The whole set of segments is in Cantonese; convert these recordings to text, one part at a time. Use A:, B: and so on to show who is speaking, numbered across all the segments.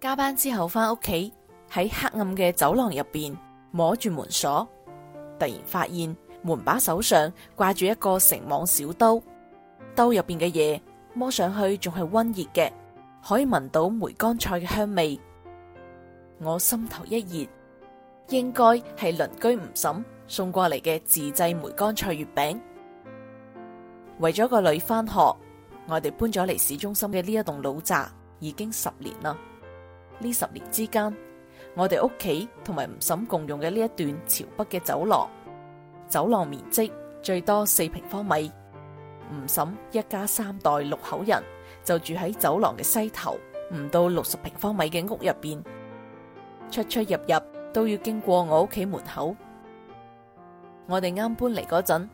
A: 加班之後翻屋企，喺黑暗嘅走廊入邊摸住門鎖，突然發現門把手上掛住一個繩網小兜，兜入邊嘅嘢摸上去仲係溫熱嘅，可以聞到梅乾菜嘅香味。我心頭一熱，應該係鄰居吳嬸送過嚟嘅自製梅乾菜月餅。為咗個女翻學，我哋搬咗嚟市中心嘅呢一棟老宅，已經十年啦。呢十年之間，我哋屋企同埋吳嬸共用嘅呢一段朝北嘅走廊，走廊面積最多四平方米。吳嬸一家三代六口人就住喺走廊嘅西頭，唔到六十平方米嘅屋入邊，出出入入入都要經過我屋企門口。我哋啱搬嚟嗰陣，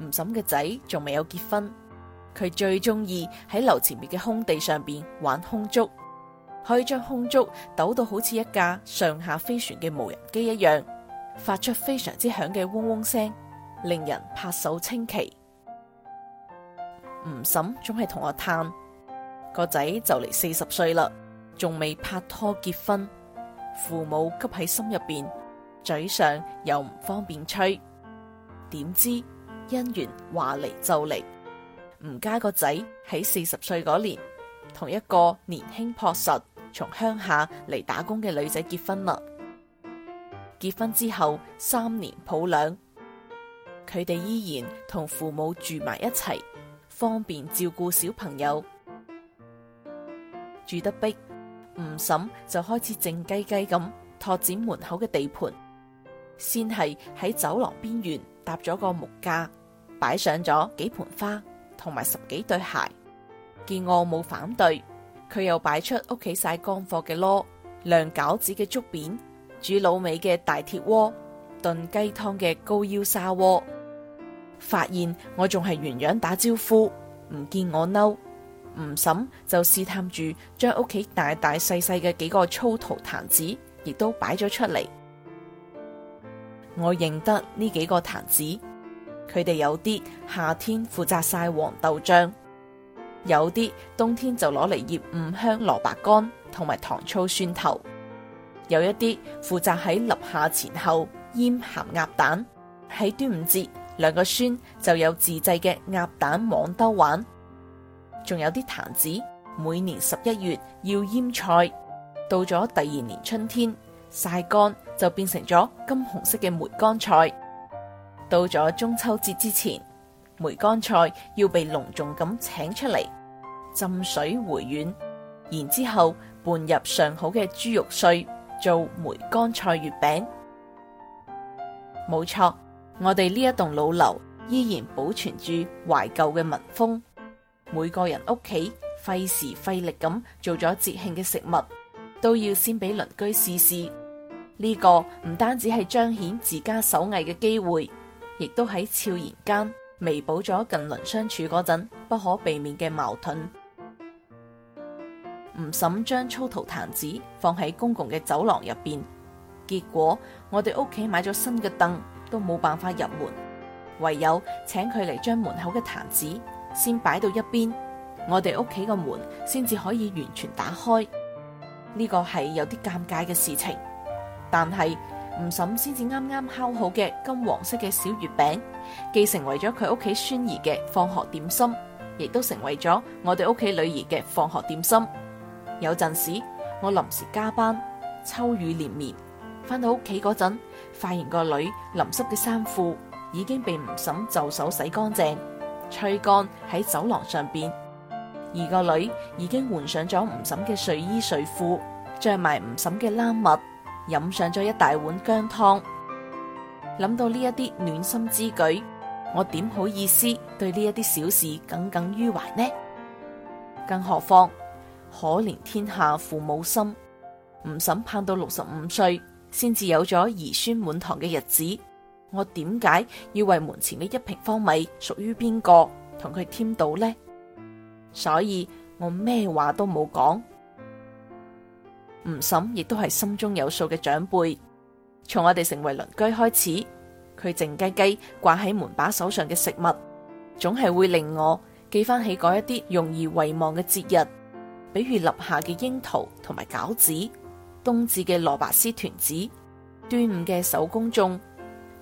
A: 吳嬸嘅仔仲未有結婚，佢最中意喺樓前面嘅空地上邊玩空竹。可以將空竹抖到好似一架上下飛船嘅無人機一樣，發出非常之響嘅嗡嗡聲，令人拍手稱奇。吳嬸總係同我嘆個仔，就嚟四十歲啦，仲未拍拖結婚，父母急喺心入邊，嘴上又唔方便吹。點知姻緣話嚟就嚟，吳家個仔喺四十歲嗰年，同一個年輕樸實。從鄉下嚟打工嘅女仔結婚啦，結婚之後三年抱兩，佢哋依然同父母住埋一齊，方便照顧小朋友，住得逼，吳嬸就開始靜雞雞咁拓展門口嘅地盤，先係喺走廊邊緣搭咗個木架，擺上咗幾盆花同埋十幾對鞋，見我冇反對，佢又擺出屋企曬乾貨嘅籮、晾餃子嘅竹匾、煮滷味嘅大鐵鍋、燉雞湯嘅高腰砂鍋，發現我仲係原樣打招呼，唔見我嬲，吳嬸就試探住將屋企大大細細嘅幾個粗陶罈子，亦都擺咗出嚟。我認得呢幾個罈子，佢哋有啲夏天負責曬黃豆醬。有啲冬天就攞嚟醃五香蘿蔔乾同埋糖醋蒜頭，有一啲負責喺立夏前後醃鹹鴨蛋，喺端午節兩個孫就有自製嘅鴨蛋網兜玩，仲有啲罈子，每年十一月要醃菜，到咗第二年春天曬乾就變成咗金紅色嘅梅乾菜，到咗中秋節之前，梅乾菜要被隆重咁請出嚟。浸水回軟，然之後拌入上好嘅豬肉碎，做梅乾菜月餅。冇錯，我哋呢一棟老樓依然保存住懷舊嘅民風，每個人屋企費時費力咁做咗節慶嘅食物，都要先俾鄰居試試。呢個唔單止係彰顯自家手藝嘅機會，亦都喺悄然間彌補咗近鄰相處嗰陣不可避免嘅矛盾。吳嬸將粗陶罈子放喺公共嘅走廊入邊，結果我哋屋企買咗新嘅凳，都冇辦法入門，唯有請佢嚟將門口嘅罈子先擺到一邊，我哋屋企嘅門先至可以完全打開。呢個係有啲尷尬嘅事情，但係吳嬸先至啱啱烤好嘅金黃色嘅小月餅，既成為咗佢屋企孫兒嘅放學點心，亦都成為咗我哋屋企女兒嘅放學點心。有陣時我臨時加班，秋雨連綿，翻到屋企嗰陣，發現個女淋濕嘅衫褲已經被吳嬸就手洗乾淨、吹乾喺走廊上邊，而個女已經換上咗吳嬸嘅睡衣睡褲，着埋吳嬸嘅冷襪，飲上咗一大碗薑湯。諗到呢一啲暖心之舉，我點好意思對呢一啲小事耿耿於懷呢？更何況。可憐天下父母心，吳嬸盼到六十五歲，先至有咗兒孫滿堂嘅日子。我點解要為門前嘅一平方米屬於邊個，同佢添堵呢？所以我咩話都冇講。吳嬸亦都係心中有數嘅長輩，從我哋成為鄰居開始，佢靜雞雞掛喺門把手上嘅食物，總係會令我記翻起嗰一啲容易遺忘嘅節日。比如立夏嘅櫻桃同埋餃子，冬至嘅蘿蔔絲團子，端午嘅手工粽，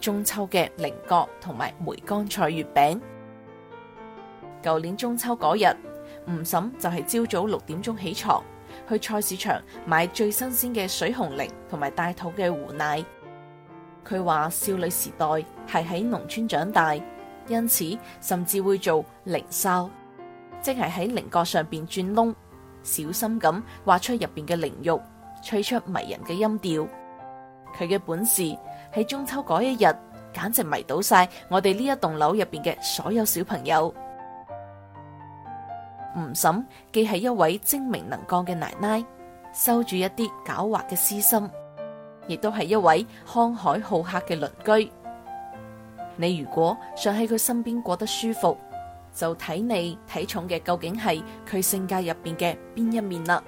A: 中秋嘅菱角同埋梅乾菜月餅。舊年中秋嗰日，吳嬸就係朝早六點鐘起床去菜市場買最新鮮嘅水紅菱同埋帶土嘅芋艿。佢話少女時代係喺農村長大，因此甚至會做菱哨，即係喺菱角上邊鑽窿。小心咁挖出入邊嘅靈玉，吹出迷人嘅音調。佢嘅本事喺中秋嗰一日，簡直迷倒晒我哋呢一棟樓入邊嘅所有小朋友。吳嬸既係一位精明能幹嘅奶奶，收住一啲狡猾嘅私心，亦都係一位慷慨好客嘅鄰居。你如果想喺佢身邊過得舒服，就睇你睇重嘅究竟係佢性格入邊嘅邊一面啦。